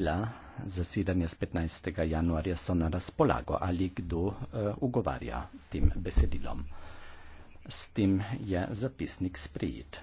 dela zasedanja z 15. januarja so na razpolago ali kdo uh, ugovarja tem besedilom. S tem je zapisnik sprejet.